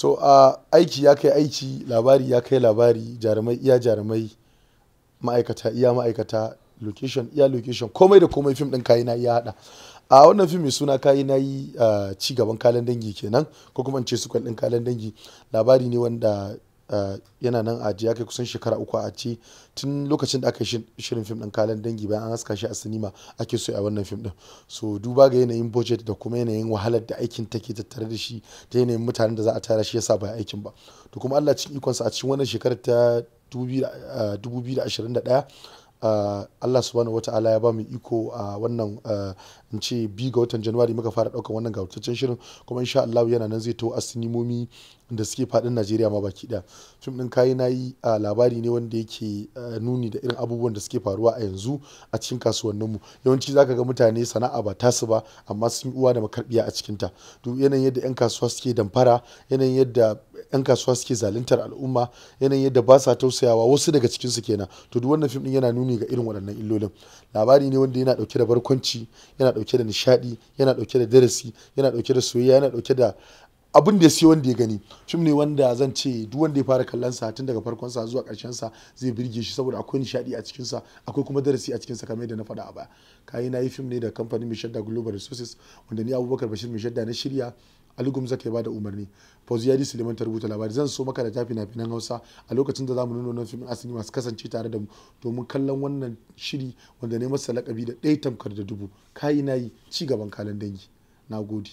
to a aiki ya kai aiki labari ya kai labari jarumai iya jarumai ma'aikata iya ma'aikata location iya location komai da komai fim din kayi na iya hada a wannan fim mai suna kayi na yi ci gaban kalan dangi kenan ko kuma in ce sukan din kalan dangi labari ne wanda Eh, yana nan a ya kai kusan shekara uku a ce tun lokacin da aka yi shirin fim din kalan dangi bayan an haska shi a sinima ake so a wannan fim din so duba ga yanayin budget da kuma yanayin wahalar da aikin take tattare da shi ta yanayin mutanen da za a tara shi yasa ba aikin ba to kuma Allah cikin ikonsa a cikin wannan shekarar ta 2021 Uh, Allah subhanahu ta'ala ya ba mu iko a uh, wannan uh, in ce bi ga watan Januwari muka fara daukan wannan gautaccen shirin kuma insha Allah yana nan zai to a sinimomi da suke fadin Najeriya ma baki ɗaya. Fim ɗin kayi na yi uh, labari ne wanda yake uh, nuni da irin abubuwan da suke faruwa a yanzu a cikin kasuwannin mu Yawanci zaka ga mutane sana'a ba tasu ba amma sun uwa da makarbiya a cikinta. Duk yanayin yadda 'yan kasuwa suke damfara, yanayin yadda 'yan kasuwa suke zaluntar al'umma yanayin yadda ba sa tausayawa wasu daga cikinsu kenan to duk wannan fim din yana nuni ga irin waɗannan illolin labari ne wanda yana ɗauke da barkwanci yana ɗauke da nishaɗi yana ɗauke da darasi yana ɗauke da soyayya yana ɗauke da abin da ya siyo wanda ya gani fim ne wanda zan ce duk wanda ya fara kallon sa tun daga farkon sa zuwa karshen sa zai birge shi saboda akwai nishaɗi a cikin akwai kuma darasi a cikin sa kamar yadda na faɗa a baya kai na yi fim ne da kamfanin Mishadda Global Resources wanda ni Abubakar Bashir Mishadda na shirya ali gumza ke bada umarni fauziyadi suleiman ta rubuta labari zan so maka da tafi na finan hausa a lokacin da zamu nuna wannan fim asini masu kasance tare da mu domin kallon wannan shiri wanda ne masa lakabi da ɗaya tamkar da dubu kayi yi ci gaban kalan dangi na gode